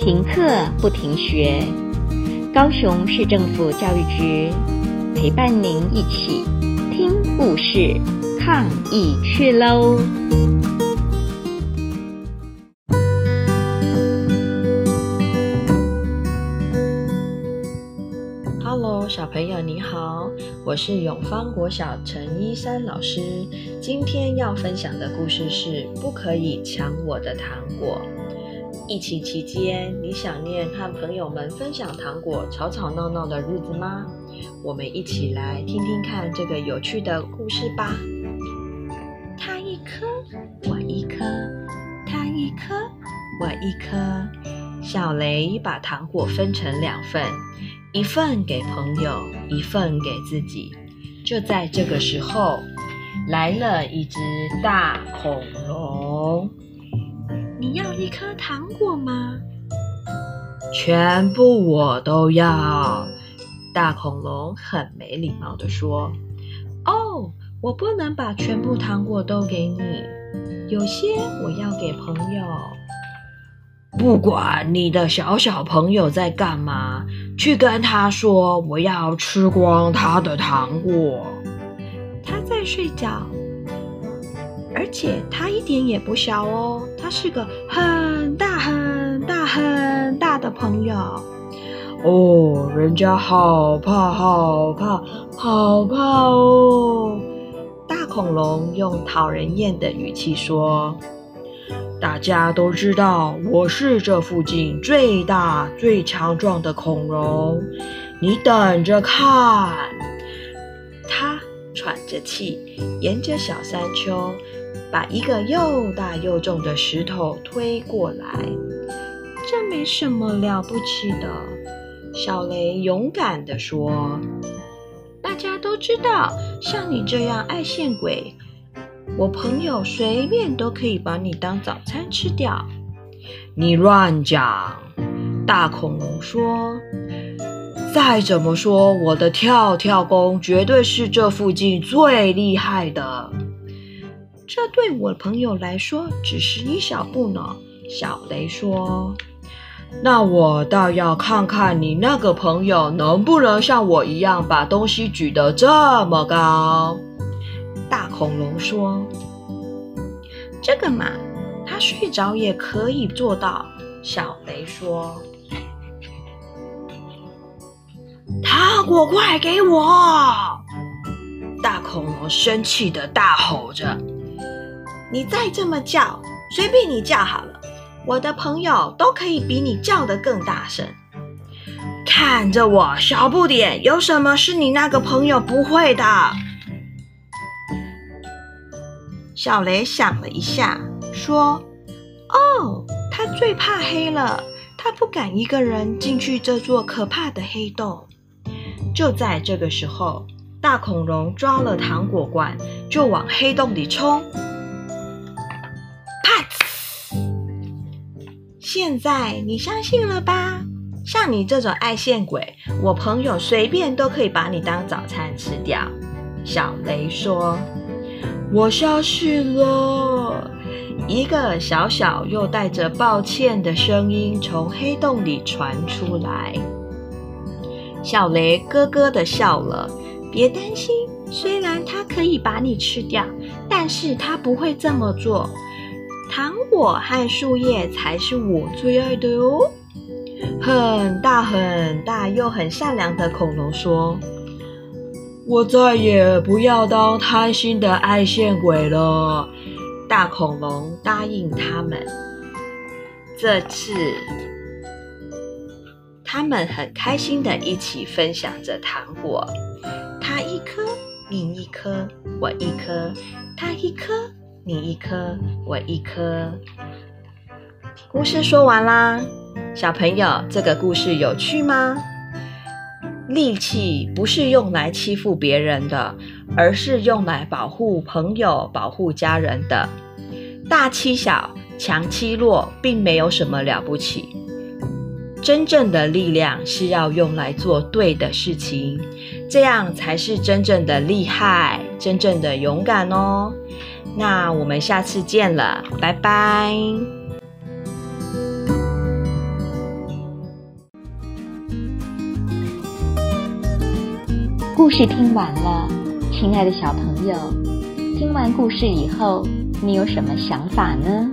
停課不停學，高雄市政府教育局陪伴您一起聽故事、抗疫趣嘍。Hello，小朋友你好，我是永芳國小陳伊珊老師。今天要分享的故事是：不可以搶我的糖果。疫情期間，你想念和朋友們分享糖果、吵吵鬧鬧的日子嗎？我們一起來聽聽看這個有趣的故事吧。他一顆，我一顆，他一顆，我一顆。小雷把糖果分成兩份，一份給朋友，一份給自己。就在這個時候，來了一隻大恐龍。你要一顆糖果嗎？全部我都要。大恐龍很沒禮貌地說：“哦，我不能把全部糖果都給你，有些我要給朋友。”不管你的小小朋友在幹嘛，去跟他說我要吃光他的糖果。他在睡覺。而且他一點也不小哦，他是個很大很大很大的朋友哦。人家好怕，好怕，好怕哦！大恐龍用討人厭的語氣說：“大家都知道我是這附近最大最強壯的恐龍，你等着看！”他喘着氣，沿着小山丘。把一個又大又重的石頭推過來，這沒什麼了不起的。”小雷勇敢的說，“大家都知道，像你這樣愛現鬼，我朋友隨便都可以把你當早餐吃掉。”你亂講！大恐龍說，“再怎麼說，我的跳跳功絕對是這附近最厲害的。”這對我朋友來說只是一小步呢，小雷說。那我倒要看看你那個朋友能不能像我一樣把東西舉得這麼高。大恐龍說：“這個嘛，他睡着也可以做到。”小雷說：“糖果快給我！”大恐龍生氣的大吼着。你再這麼叫，隨便你叫好了，我的朋友都可以比你叫得更大聲。看着我，小不點，有什麼是你那個朋友不會的？小雷想了一下，說：“哦，他最怕黑了，他不敢一個人進去這座可怕的黑洞。”就在這個時候，大恐龍抓了糖果罐，就往黑洞裡衝。現在你相信了吧？像你這種愛現鬼，我朋友隨便都可以把你當早餐吃掉。小雷說：“我相信了。”一個小小又帶着抱歉的聲音從黑洞裡傳出來。小雷咯咯的笑了。別擔心，雖然他可以把你吃掉，但是他不會這麼做。糖果和樹葉才是我最愛的哦！很大很大又很善良的恐龍說：“我再也不要當貪心的愛線鬼了。”大恐龍答應他們。這次，他們很開心的一起分享着糖果，他一顆，你一顆，我一顆，他一顆。你一顆，我一顆。故事說完啦，小朋友，這個故事有趣嗎？力氣不是用來欺負別人的，而是用來保護朋友、保護家人的。大欺小，強欺弱，並沒有什麼了不起。真正的力量是要用來做對的事情，這樣才是真正的厲害，真正的勇敢哦。那我們下次見了，拜拜。故事聽完了，親愛的小朋友，聽完故事以後，你有什麼想法呢？